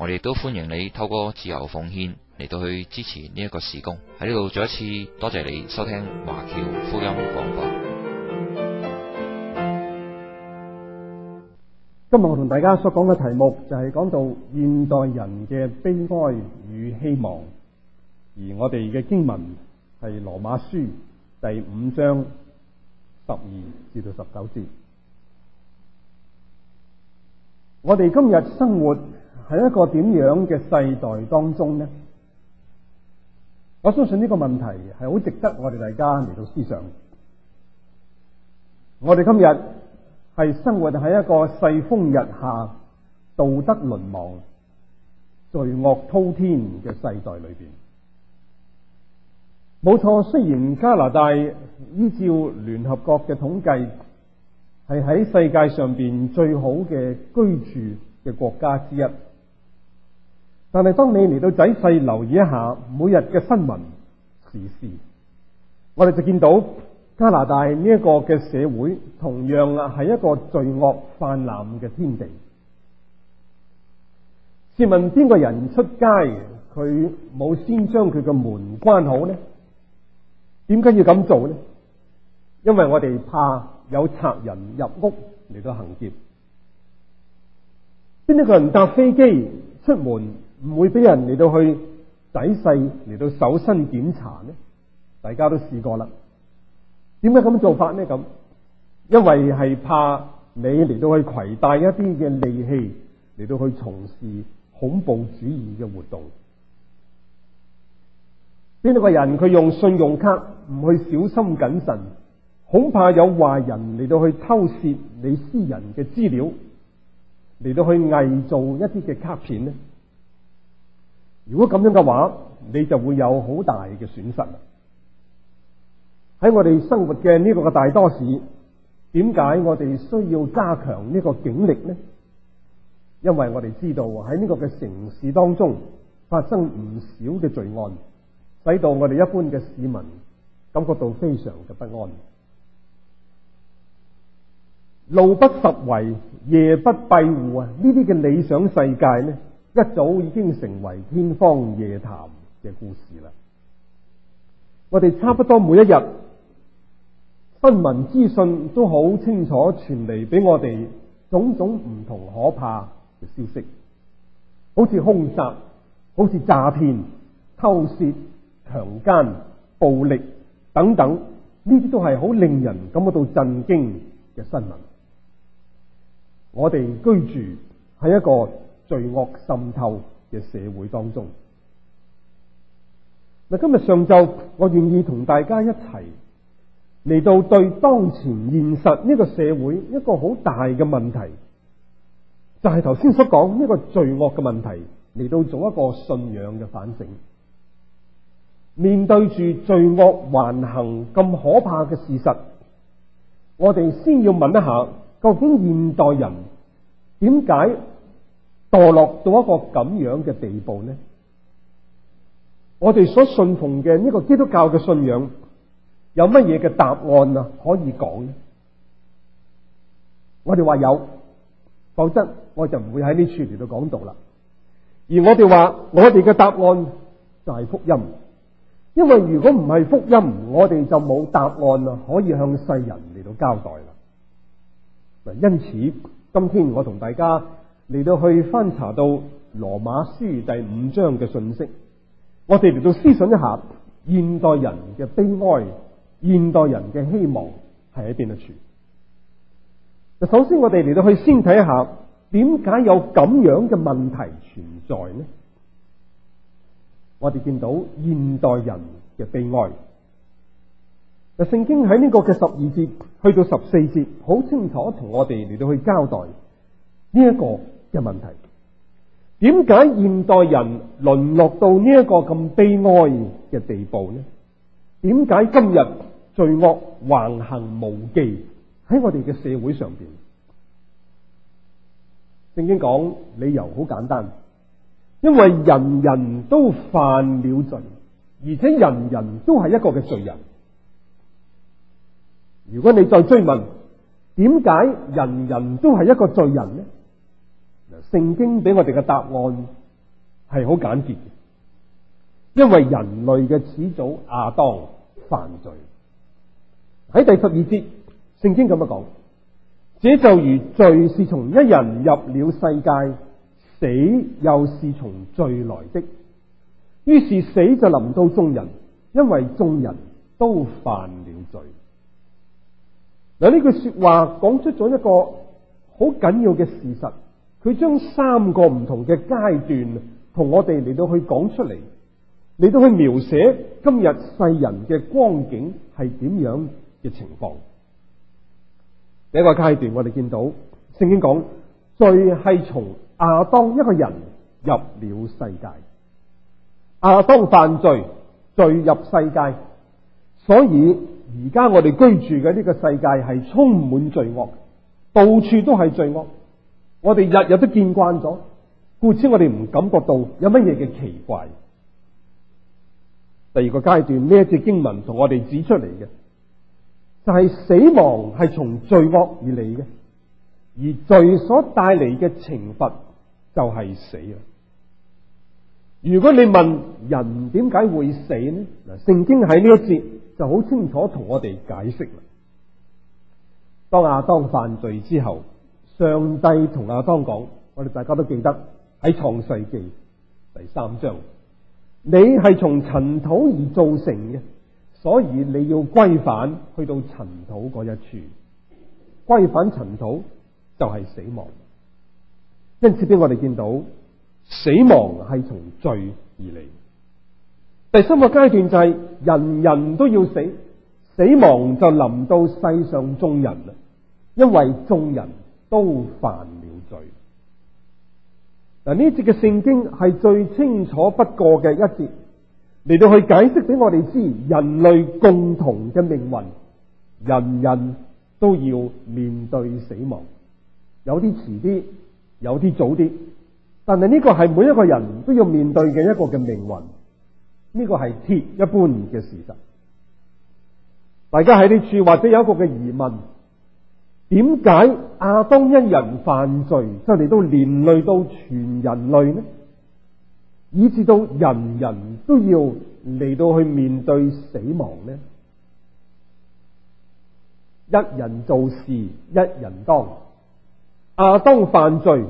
我哋都歡迎你透過自由奉獻嚟到去支持呢一個事工。喺呢度再一次多謝你收聽華僑福音廣播。今日我同大家所講嘅題目就係講到現代人嘅悲哀與希望，而我哋嘅經文係羅馬書第五章十二至到十九節。我哋今日生活喺一個點樣嘅世代當中呢？我相信呢個問題係好值得我哋大家嚟到思想。我哋今日係生活喺一個世風日下、道德淪亡、罪惡滔天嘅世代裏邊。冇錯，雖然加拿大依照聯合國嘅統計，係喺世界上邊最好嘅居住嘅國家之一。但係當你嚟到仔細留意一下每日嘅新聞時事，我哋就見到加拿大呢一個嘅社會同樣啊係一個罪惡泛濫嘅天地。試問邊個人出街，佢冇先將佢嘅門關好呢？點解要咁做呢？因為我哋怕有賊人入屋嚟到行劫。邊一個人搭飛機出門？唔會俾人嚟到去仔細嚟到搜身檢查呢，大家都試過啦。點解咁做法呢？咁因為係怕你嚟到去攜帶一啲嘅利器嚟到去從事恐怖主義嘅活動。邊度個人佢用信用卡唔去小心謹慎，恐怕有壞人嚟到去偷竊你私人嘅資料嚟到去偽造一啲嘅卡片呢。如果咁樣嘅話，你就會有好大嘅損失。喺我哋生活嘅呢個嘅大多市，點解我哋需要加強呢個警力呢？因為我哋知道喺呢個嘅城市當中發生唔少嘅罪案，使到我哋一般嘅市民感覺到非常嘅不安。路不拾遺，夜不閉戶啊！呢啲嘅理想世界呢？一早已經成為天方夜譚嘅故事啦。我哋差不多每一日新聞資訊都好清楚傳嚟俾我哋種種唔同可怕嘅消息好像，好似兇殺、好似詐騙、偷竊、強姦、暴力等等，呢啲都係好令人感覺到震驚嘅新聞。我哋居住喺一個罪惡滲透嘅社會當中，嗱，今日上晝我願意同大家一齊嚟到對當前現實呢個社會一個好大嘅問題，就係頭先所講呢個罪惡嘅問題嚟到做一個信仰嘅反省。面對住罪惡橫行咁可怕嘅事實，我哋先要問一下，究竟現代人點解？墮落到一個咁樣嘅地步呢？我哋所信奉嘅呢個基督教嘅信仰有乜嘢嘅答案啊？可以講呢？我哋話有，否則我就唔會喺呢處嚟到講道啦。而我哋話，我哋嘅答案就係福音，因為如果唔係福音，我哋就冇答案啊，可以向世人嚟到交代啦。嗱，因此今天我同大家。嚟到去翻查到羅馬書第五章嘅信息，我哋嚟到思想一下現代人嘅悲哀，現代人嘅希望係喺邊度處？嗱，首先我哋嚟到去先睇一下，點解有咁樣嘅問題存在呢？我哋見到現代人嘅悲哀，嗱，聖經喺呢個嘅十二節去到十四節，好清楚同我哋嚟到去交代呢一個。嘅問題，點解現代人淪落到呢一個咁悲哀嘅地步呢？點解今日罪惡橫行無忌喺我哋嘅社會上邊？聖經講，理由好簡單，因為人人都犯了罪，而且人人都係一個嘅罪人。如果你再追問，點解人人都係一個罪人呢？聖經俾我哋嘅答案係好簡潔嘅，因為人類嘅始祖亞當犯罪。喺第十二節，聖經咁樣講，這就如罪是從一人入了世界，死又是從罪來的，於是死就臨到眾人，因為眾人都犯了罪。嗱，呢句說話講出咗一個好緊要嘅事實。佢將三個唔同嘅階段同我哋嚟到去講出嚟，嚟到去描寫今日世人嘅光景係點樣嘅情況。第一個階段，我哋見到聖經講罪係從亞當一個人入了世界，亞當犯罪，罪入世界，所以而家我哋居住嘅呢個世界係充滿罪惡，到處都係罪惡。我哋日日都見慣咗，故此我哋唔感覺到有乜嘢嘅奇怪。第二個階段，呢一節經文同我哋指出嚟嘅，就係死亡係從罪惡而嚟嘅，而罪所帶嚟嘅懲罰就係死啊！如果你問人點解會死呢？嗱，聖經喺呢一節就好清楚同我哋解釋啦。當亞當犯罪之後。上帝同亞當講，我哋大家都記得喺創世記第三章，你係從塵土而造成嘅，所以你要歸返去到塵土嗰一處。歸返塵土就係死亡。因此畀我哋見到死亡係從罪而嚟。第三個階段就係、是、人人都要死，死亡就臨到世上眾人啦，因為眾人。都犯了罪。嗱，呢節嘅聖經係最清楚不過嘅一節，嚟到去解釋俾我哋知，人類共同嘅命運，人人都要面對死亡。有啲遲啲，有啲早啲，但係呢個係每一個人都要面對嘅一個嘅命運，呢個係鐵一般嘅事實。大家喺呢處或者有一個嘅疑問。點解亞當一人犯罪就嚟到連累到全人類呢？以至到人人都要嚟到去面對死亡呢？一人做事，一人當，亞當犯罪，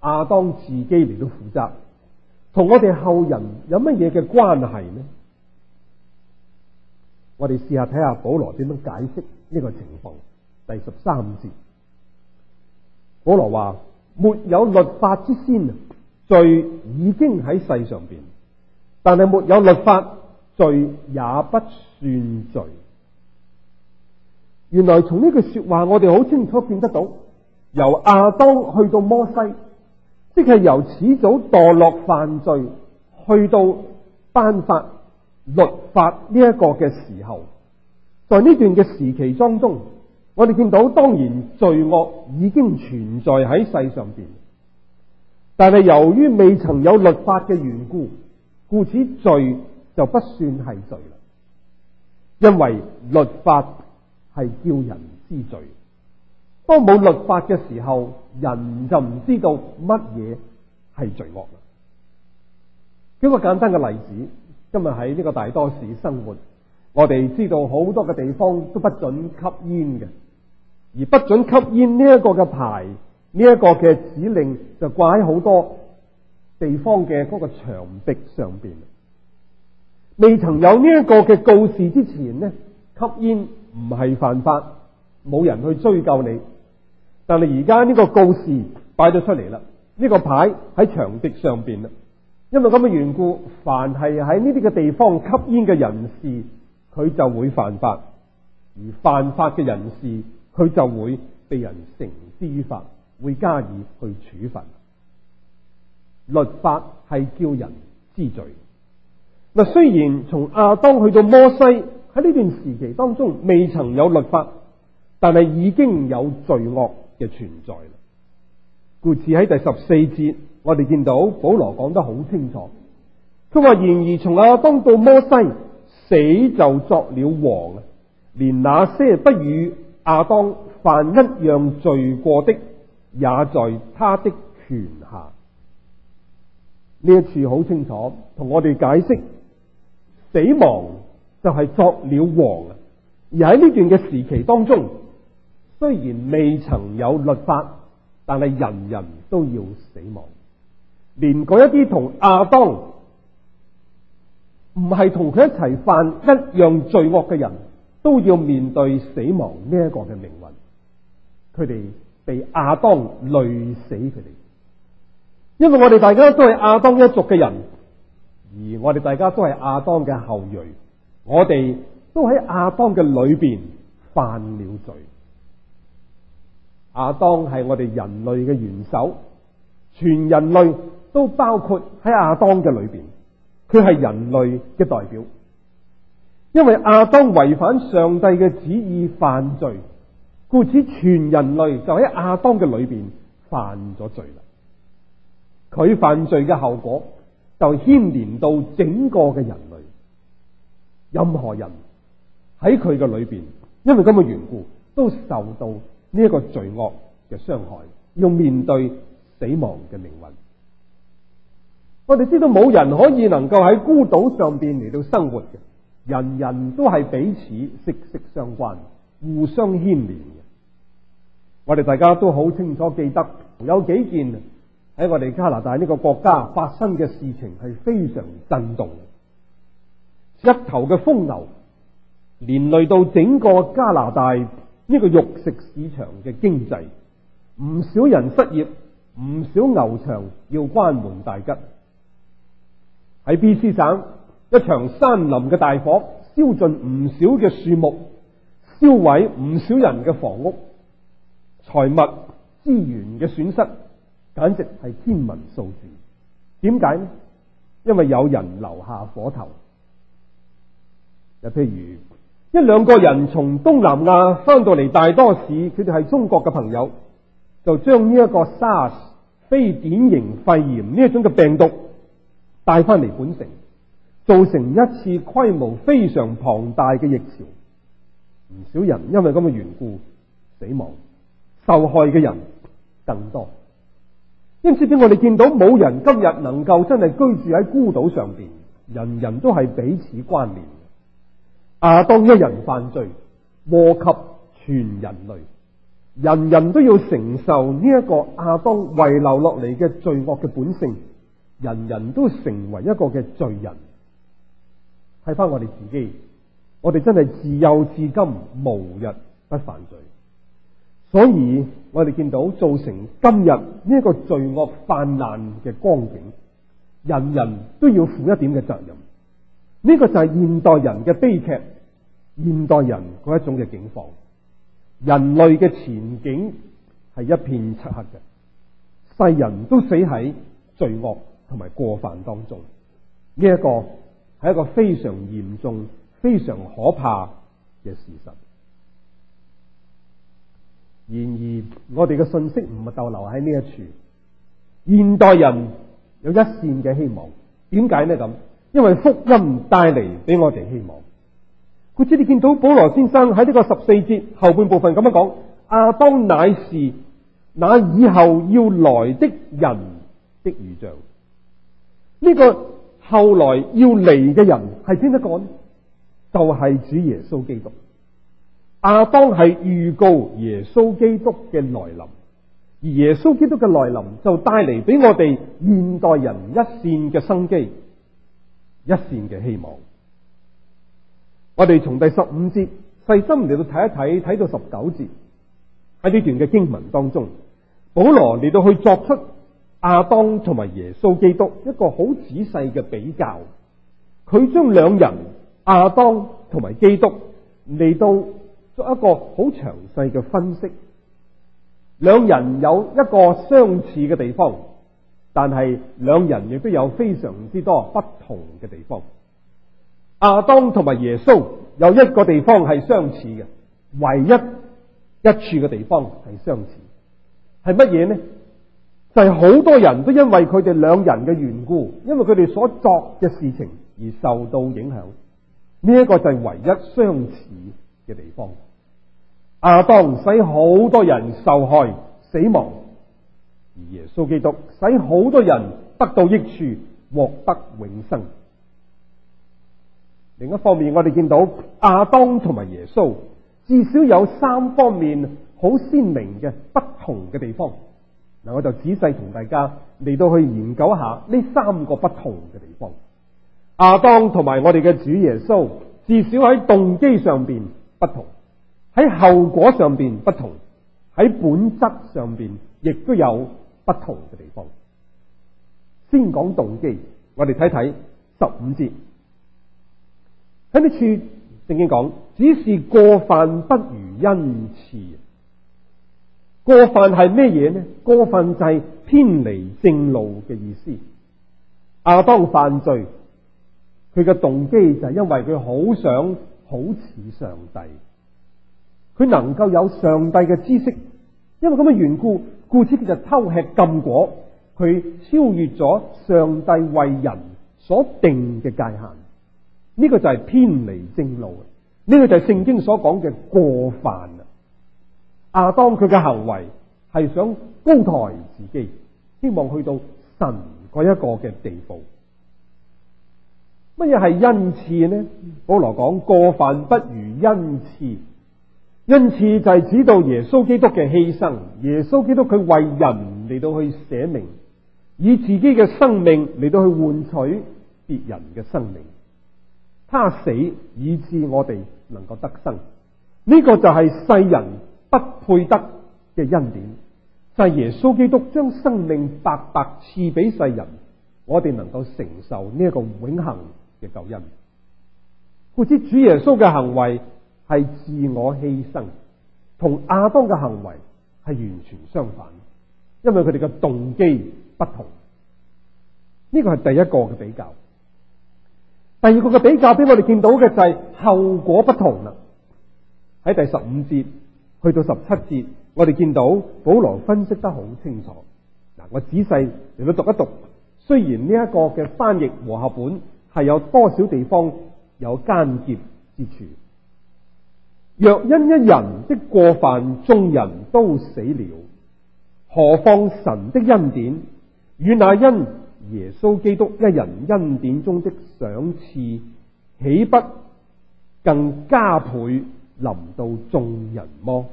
亞當自己嚟到負責，同我哋後人有乜嘢嘅關係呢？我哋試下睇下保羅點樣解釋呢個情況。第十三節，保羅話：沒有律法之先，罪已經喺世上邊，但係沒有律法，罪也不算罪。原來從呢句說話，我哋好清楚見得到，由亞當去到摩西，即係由始祖墮落犯罪去到頒法律法呢一個嘅時候，在呢段嘅時期當中,中。我哋見到，當然罪惡已經存在喺世上邊，但係由於未曾有律法嘅緣故，故此罪就不算係罪啦。因為律法係叫人知罪，當冇律法嘅時候，人就唔知道乜嘢係罪惡啦。舉個簡單嘅例子，今日喺呢個大多市生活。我哋知道好多嘅地方都不准吸煙嘅，而不准吸煙呢一個嘅牌，呢一個嘅指令就掛喺好多地方嘅嗰個牆壁上邊。未曾有呢一個嘅告示之前呢，吸煙唔係犯法，冇人去追究你。但係而家呢個告示擺咗出嚟啦，呢個牌喺牆壁上邊啦。因為咁嘅緣故，凡係喺呢啲嘅地方吸煙嘅人士。佢就會犯法，而犯法嘅人士，佢就會被人繩之於法，會加以去處罰。律法係叫人知罪。嗱，雖然從亞當去到摩西喺呢段時期當中未曾有律法，但係已經有罪惡嘅存在啦。故此喺第十四節，我哋見到保羅講得好清楚，佢話：然而從亞當到摩西。死就作了王，連那些不與亞當犯一樣罪過的，也在他的權下。呢一次好清楚，同我哋解釋死亡就係作了王啊！而喺呢段嘅時期當中，雖然未曾有律法，但係人人都要死亡，連嗰一啲同亞當。唔係同佢一齊犯一樣罪惡嘅人，都要面對死亡呢一個嘅命運。佢哋被亞當累死佢哋，因為我哋大家都係亞當一族嘅人，而我哋大家都係亞當嘅後裔，我哋都喺亞當嘅裏邊犯了罪。亞當係我哋人類嘅元首，全人類都包括喺亞當嘅裏邊。佢係人類嘅代表，因為亞當違反上帝嘅旨意犯罪，故此全人類就喺亞當嘅裏邊犯咗罪啦。佢犯罪嘅後果就牽連到整個嘅人類，任何人喺佢嘅裏邊，因為咁嘅緣故，都受到呢一個罪惡嘅傷害，要面對死亡嘅命運。我哋知道冇人可以能夠喺孤島上邊嚟到生活嘅，人人都係彼此息息相關，互相牽連嘅。我哋大家都好清楚記得有幾件喺我哋加拿大呢個國家發生嘅事情係非常震動嘅，一頭嘅瘋牛連累到整個加拿大呢個肉食市場嘅經濟，唔少人失業，唔少牛場要關門大吉。喺 B.C 省，一場山林嘅大火燒盡唔少嘅樹木，燒毀唔少人嘅房屋、財物、資源嘅損失，簡直係天文數字。點解呢？因為有人留下火頭。又譬如一兩個人從東南亞翻到嚟大多市，佢哋係中國嘅朋友，就將呢一個 SARS 非典型肺炎呢一種嘅病毒，帶翻嚟本城，造成一次規模非常龐大嘅疫潮，唔少人因為咁嘅緣故死亡，受害嘅人更多。因此，俾我哋見到冇人今日能夠真係居住喺孤島上邊，人人都係彼此關聯。亞當一人犯罪，禍及全人類，人人都要承受呢一個亞當遺留落嚟嘅罪惡嘅本性。人人都成為一個嘅罪人，睇翻我哋自己，我哋真係自幼至今無日不犯罪，所以我哋見到造成今日呢一個罪惡泛濫嘅光景，人人都要負一點嘅責任。呢個就係現代人嘅悲劇，現代人嗰一種嘅境況，人類嘅前景係一片漆黑嘅，世人都死喺罪惡，同埋過犯當中，呢一個係一個非常嚴重、非常可怕嘅事實。然而，我哋嘅信息唔係逗留喺呢一處。現代人有一線嘅希望，點解呢？咁因為福音帶嚟俾我哋希望。好似你見到保羅先生喺呢個十四節後半部分咁樣講：亞當乃是那以後要來的人的預像。呢個後來要嚟嘅人係邊一個呢？就係主耶穌基督。亞當係預告耶穌基督嘅來臨，而耶穌基督嘅來臨就帶嚟俾我哋現代人一綫嘅生機，一綫嘅希望。我哋從第十五節細心嚟到睇一睇，睇到十九節，喺呢段嘅經文當中，保羅嚟到去作出。亞當同埋耶穌基督一個好仔細嘅比較，佢將兩人亞當同埋基督嚟到作一個好詳細嘅分析。兩人有一個相似嘅地方，但係兩人亦都有非常之多不同嘅地方。亞當同埋耶穌有一個地方係相似嘅，唯一一處嘅地方係相似，係乜嘢呢？就係、是、好多人都因為佢哋兩人嘅緣故，因為佢哋所作嘅事情而受到影響。呢一個就係唯一相似嘅地方。亞當使好多人受害死亡，而耶穌基督使好多人得到益處，獲得永生。另一方面，我哋見到亞當同埋耶穌至少有三方面好鮮明嘅不同嘅地方。嗱，我就仔細同大家嚟到去研究一下呢三個不同嘅地方。亞當同埋我哋嘅主耶穌，至少喺動機上邊不同，喺後果上邊不同，喺本質上邊亦都有不同嘅地方。先講動機，我哋睇睇十五節，喺呢處聖經講，只是過犯不如恩賜。過犯係咩嘢呢？過犯就係偏離正路嘅意思。亞當犯罪，佢嘅動機就係因為佢好想好似上帝，佢能夠有上帝嘅知識，因為咁嘅緣故，故此佢就偷吃禁果，佢超越咗上帝為人所定嘅界限。呢個就係偏離正路，呢個就係聖經所講嘅過犯。阿當佢嘅行為係想高抬自己，希望去到神嗰一個嘅地步。乜嘢係恩賜呢？保羅講過犯不如恩賜，恩賜就係指到耶穌基督嘅犧牲。耶穌基督佢為人嚟到去捨命，以自己嘅生命嚟到去換取別人嘅生命。他死以致我哋能夠得生，呢、這個就係世人。不配得嘅恩典，就係耶穌基督將生命白白賜俾世人，我哋能夠承受呢一個永恆嘅救恩。故此，主耶穌嘅行為係自我犧牲，同亞當嘅行為係完全相反，因為佢哋嘅動機不同。呢個係第一個嘅比較。第二個嘅比較，俾我哋見到嘅就係後果不同啦。喺第十五節。去到十七節，我哋見到保羅分析得好清楚。嗱，我仔細嚟到讀一讀。雖然呢一個嘅翻譯和合本係有多少地方有間接之處，若因一人的過犯，眾人都死了，何況神的恩典與那因耶穌基督一人恩典中的賞賜，豈不更加倍？臨到眾人麼？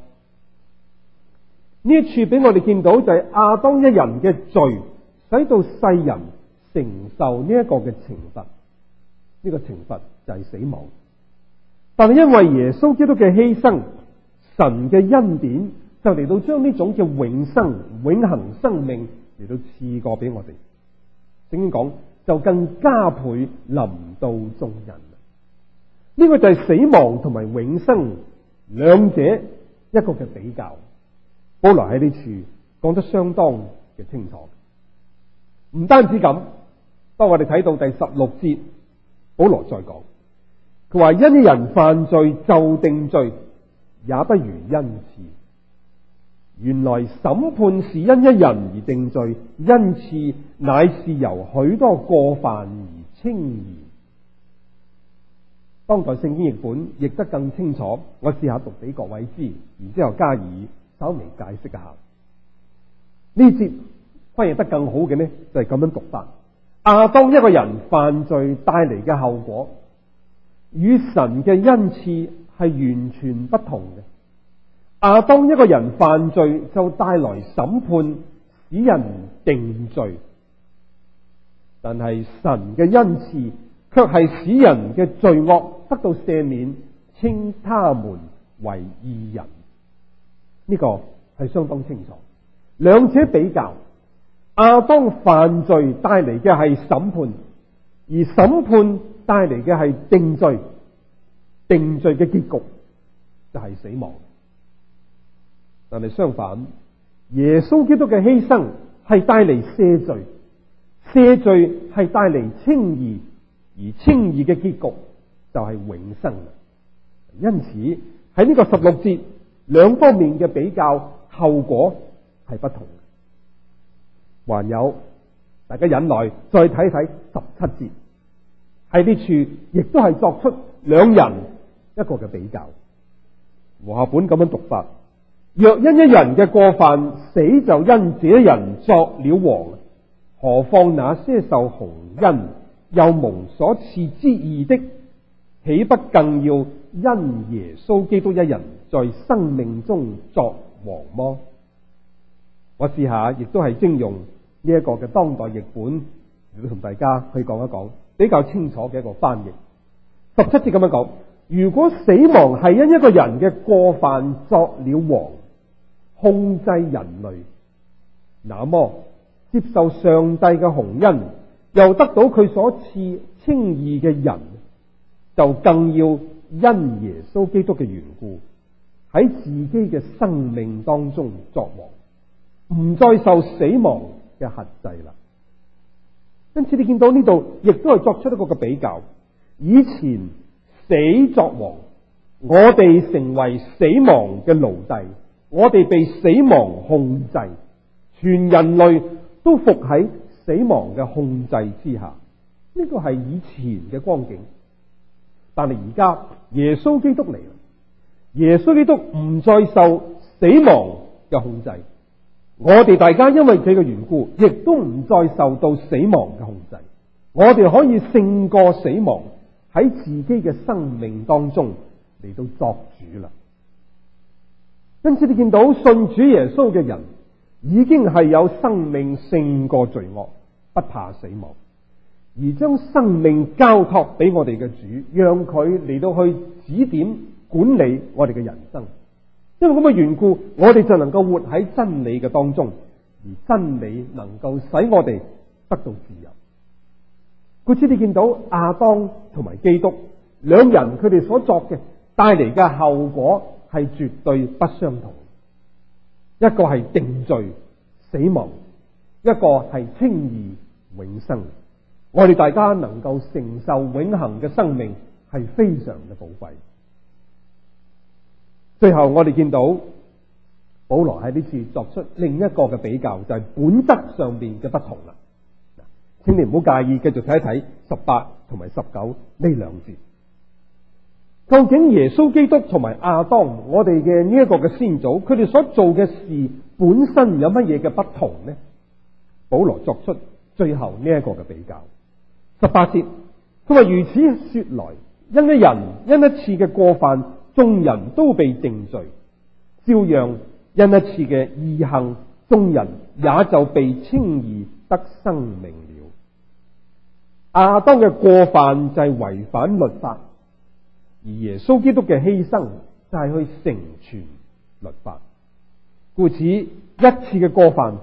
呢一處俾我哋見到，就係亞當一人嘅罪，使到世人承受呢一個嘅懲罰。呢個懲罰就係死亡。但係因為耶穌基督嘅犧牲，神嘅恩典就嚟到將呢種嘅永生、永恆生命嚟到賜過俾我哋。點講就更加倍臨到眾人。呢、這個就係死亡同埋永生兩者一個嘅比較，保羅喺呢處講得相當嘅清楚。唔單止咁，當我哋睇到第十六節，保羅再講，佢話因一人犯罪就定罪，也不如恩賜。原來審判是因一人而定罪，恩賜乃是由許多過犯而稱義當代聖經譯本譯得更清楚，我試下讀俾各位知，然之後加以稍微解釋一下。呢節翻譯得更好嘅咩就係、是、咁樣讀法：亞、啊、當一個人犯罪帶嚟嘅後果，與神嘅恩賜係完全不同嘅。亞、啊、當一個人犯罪就帶來審判，使人定罪；但係神嘅恩賜卻係使人嘅罪惡。得到赦免，稱他們為義人，呢、這個係相當清楚。兩者比較，亞當犯罪帶嚟嘅係審判，而審判帶嚟嘅係定罪，定罪嘅結局就係死亡。但係相反，耶穌基督嘅犧牲係帶嚟赦罪，赦罪係帶嚟稱義，而稱義嘅結局。就係、是、永生的，因此喺呢個十六節，兩方面嘅比較後果係不同的。還有大家忍耐，再睇睇十七節。喺呢處亦都係作出兩人一個嘅比較。和合本咁樣讀法：若因一人嘅過犯，死就因這人作了王，何況那些受洪恩又蒙所賜之義的？豈不更要因耶穌基督一人在生命中作王麼？我試下，亦都係徵用呢一個嘅當代譯本同大家去講一講，比較清楚嘅一個翻譯。十七節咁樣講：如果死亡係因一個人嘅過犯作了王，控制人類，那麼接受上帝嘅洪恩，又得到佢所賜稱義嘅人。就更要因耶穌基督嘅緣故喺自己嘅生命當中作王，唔再受死亡嘅轄制啦。因此，你見到呢度亦都係作出一個嘅比較：以前死作王，我哋成為死亡嘅奴隸，我哋被死亡控制，全人類都服喺死亡嘅控制之下。呢個係以前嘅光景。但係而家耶穌基督嚟啦，耶穌基督唔再受死亡嘅控制，我哋大家因為佢嘅緣故，亦都唔再受到死亡嘅控制，我哋可以勝過死亡，喺自己嘅生命當中嚟到作主啦。因此，你見到信主耶穌嘅人，已經係有生命勝過罪惡，不怕死亡。而將生命交托俾我哋嘅主，讓佢嚟到去指點管理我哋嘅人生。因為咁嘅緣故，我哋就能夠活喺真理嘅當中，而真理能夠使我哋得到自由。故此，你見到亞當同埋基督兩人，佢哋所作嘅帶嚟嘅後果係絕對不相同。一個係定罪死亡，一個係稱義永生。我哋大家能夠承受永恒嘅生命，係非常嘅寶貴。最後我哋見到保羅喺呢次作出另一個嘅比較，就係本質上面嘅不同啦。請你唔好介意，繼續睇一睇十八同埋十九呢兩節。究竟耶穌基督同埋亞當，我哋嘅呢一個嘅先祖，佢哋所做嘅事本身有乜嘢嘅不同呢？保羅作出最後呢一個嘅比較。十八節，佢話如此說來，因一人因一次嘅過犯，眾人都被定罪；照樣因一次嘅義行，眾人也就被輕易稱義得生命了。亞當嘅過犯就係違反律法，而耶穌基督嘅犧牲就係去成全律法。故此，一次嘅過犯，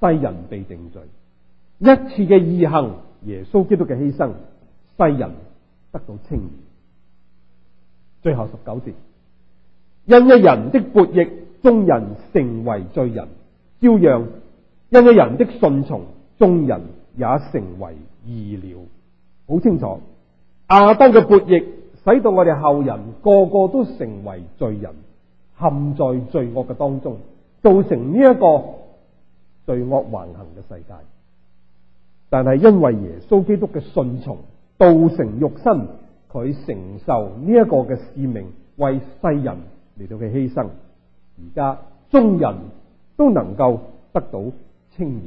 世人被定罪；一次嘅義行。耶穌基督嘅犧牲，世人得到清。最後十九節，因一 人的悖逆，眾人成為罪人；照樣，因一人的順從，眾人也成為義了。好清楚，亞當嘅悖逆，使到我哋後人個個都成為罪人，陷在罪惡嘅當中，造成呢一個罪惡橫行嘅世界。但係因為耶穌基督嘅信從，道成肉身，佢承受呢一個嘅使命，為世人嚟到嘅犧牲，而家眾人都能夠得到清廉，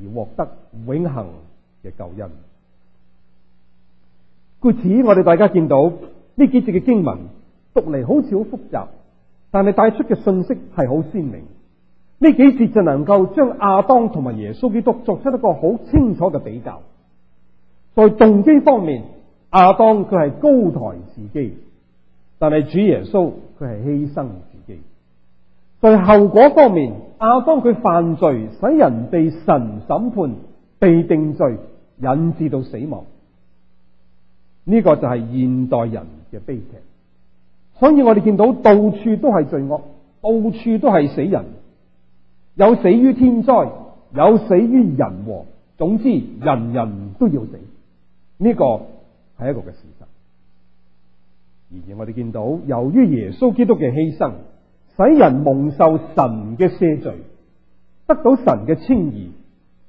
而獲得永恆嘅救恩。故此，我哋大家見到呢幾節嘅經文讀嚟好似好複雜，但係帶出嘅信息係好鮮明。呢幾節就能夠將亞當同埋耶穌基督作出一個好清楚嘅比較。在動機方面，亞當佢係高抬自己，但係主耶穌佢係犧牲自己。在後果方面，亞當佢犯罪，使人被神審判、被定罪，引致到死亡。呢、這個就係現代人嘅悲劇。所以我哋見到，到處都係罪惡，到處都係死人。有死於天災，有死於人禍，總之人人都要死，呢個係一個嘅事實。而我哋見到，由於耶穌基督嘅犧牲，使人蒙受神嘅赦罪，得到神嘅稱義，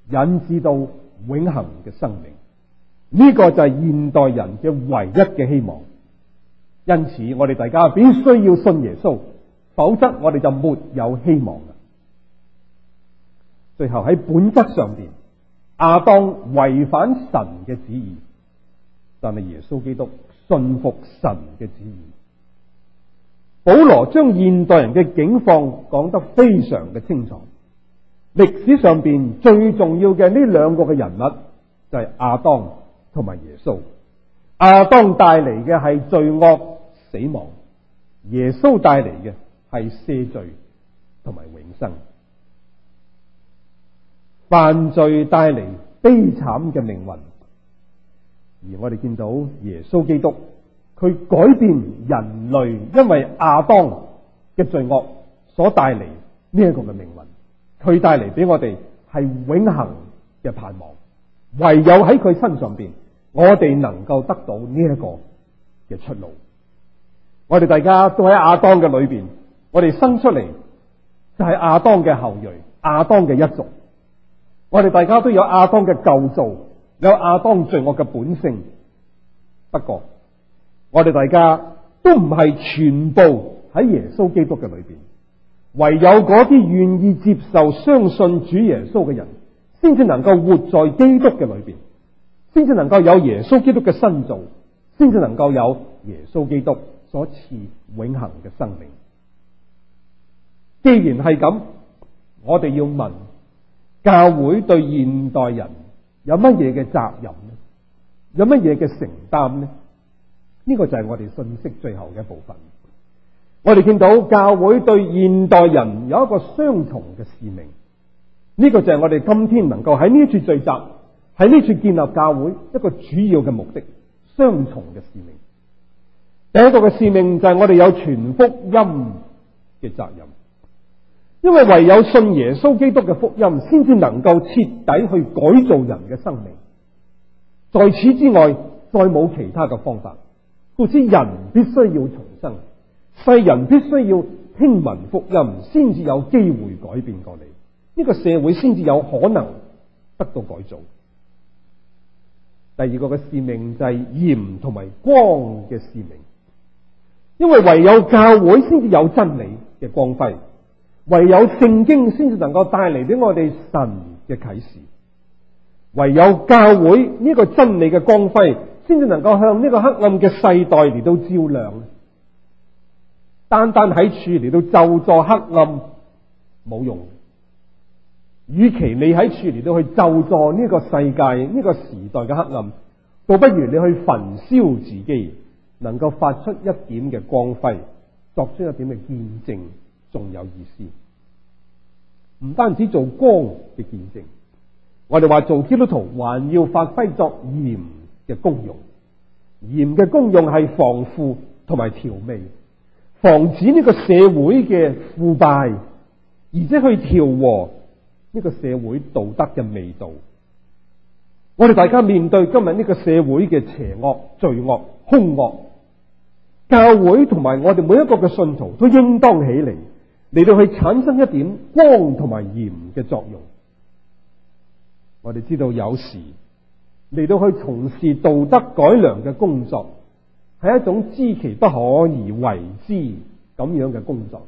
引致到永恒嘅生命。呢、這個就係現代人嘅唯一嘅希望。因此，我哋大家必須要信耶穌，否則我哋就沒有希望了。最後喺本質上邊，亞當違反神嘅旨意，但係耶穌基督信服神嘅旨意。保羅將現代人嘅境況講得非常嘅清楚。歷史上邊最重要嘅呢兩個嘅人物就係亞當同埋耶穌。亞當帶嚟嘅係罪惡死亡，耶穌帶嚟嘅係赦罪同埋永生。犯罪帶嚟悲慘嘅命運，而我哋見到耶穌基督，佢改變人類，因為亞當嘅罪惡所帶嚟呢一個嘅命運。佢帶嚟俾我哋係永恒嘅盼望，唯有喺佢身上邊，我哋能夠得到呢一個嘅出路。我哋大家都喺亞當嘅裏邊，我哋生出嚟就係亞當嘅後裔，亞當嘅一族。我哋大家都有亞當嘅舊造，有亞當罪惡嘅本性。不過，我哋大家都唔係全部喺耶穌基督嘅裏邊，唯有嗰啲願意接受、相信主耶穌嘅人，先至能夠活在基督嘅裏邊，先至能夠有耶穌基督嘅新造，先至能夠有耶穌基督所賜永恆嘅生命。既然係咁，我哋要問。教會對現代人有乜嘢嘅責任？有什麼的呢？有乜嘢嘅承擔呢？呢個就係我哋信息最後嘅一部分。我哋見到教會對現代人有一個雙重嘅使命，呢、這個就係我哋今天能夠喺呢處聚集，喺呢處建立教會一個主要嘅目的。雙重嘅使命，第一個嘅使命就係我哋有全福音嘅責任。因為唯有信耶穌基督嘅福音，先至能夠徹底去改造人嘅生命。在此之外，再冇其他嘅方法。故此，人必須要重生，世人必須要聽聞福音，先至有機會改變過嚟。呢個社會，先至有可能得到改造。第二個嘅使命就係鹽同埋光嘅使命，因為唯有教會先至有真理嘅光輝。唯有聖經先至能夠帶嚟俾我哋神嘅啟示，唯有教會呢個真理嘅光輝，先至能夠向呢個黑暗嘅世代嚟到照亮。單單喺處嚟到咒詛黑暗冇用，與其你喺處嚟到去咒詛呢個世界呢個時代嘅黑暗，倒不如你去焚燒自己，能夠發出一點嘅光輝，作出一點嘅見證。仲有意思，唔單止做光嘅見證，我哋話做基督徒，還要發揮作鹽嘅功用。鹽嘅功用係防腐同埋調味，防止呢個社會嘅腐敗，而且去調和呢個社會道德嘅味道。我哋大家面對今日呢個社會嘅邪惡、罪惡、兇惡，教會同埋我哋每一個嘅信徒都應當起嚟。嚟到去產生一點光同埋鹽嘅作用，我哋知道有時嚟到去從事道德改良嘅工作，係一種知其不可而為之咁樣嘅工作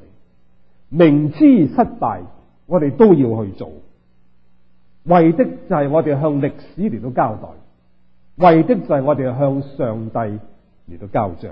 嚟。明知失敗，我哋都要去做，為的就係我哋向歷史嚟到交代，為的就係我哋向上帝嚟到交賬。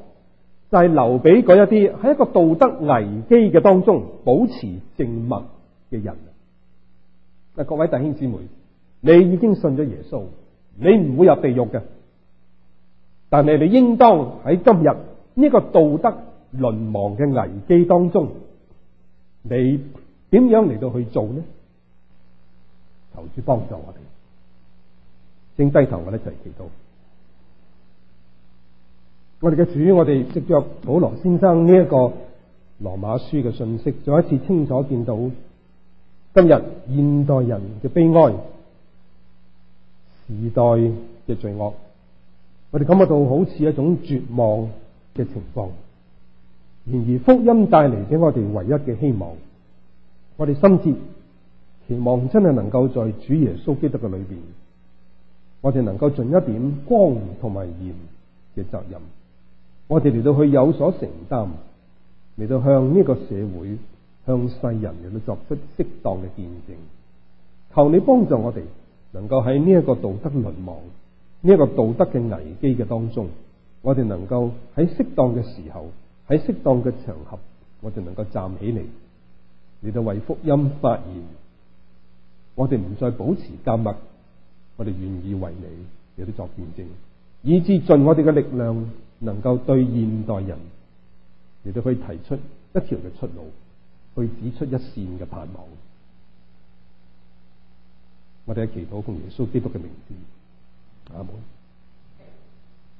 就係留俾嗰一啲喺一個道德危機嘅當中保持靜默嘅人。嗱，各位弟兄姊妹，你已經信咗耶穌，你唔會入地獄嘅。但係你應當喺今日呢個道德淪亡嘅危機當中，你點樣嚟到去做呢？求主幫助我哋，正低頭我哋一齊祈禱。我哋嘅主，我哋藉着保羅先生呢一個羅馬書嘅信息，再一次清楚見到今日現代人嘅悲哀、時代嘅罪惡，我哋感覺到好似一種絕望嘅情況。然而福音帶嚟俾我哋唯一嘅希望，我哋深切期望真係能夠在主耶穌基督嘅裏邊，我哋能夠盡一點光同埋鹽嘅責任。我哋嚟到去有所承擔，嚟到向呢個社會、向世人嚟到作出適當嘅見證，求你幫助我哋，能夠喺呢一個道德淪亡、呢、這、一個道德嘅危機嘅當中，我哋能夠喺適當嘅時候，喺適當嘅場合，我哋能夠站起嚟嚟到為福音發言。我哋唔再保持沉默，我哋願意為你嚟到作見證，以至盡我哋嘅力量。能夠對現代人，亦都可以提出一條嘅出路，去指出一線嘅盼望。我哋喺祈禱奉耶穌基督嘅名字，阿門。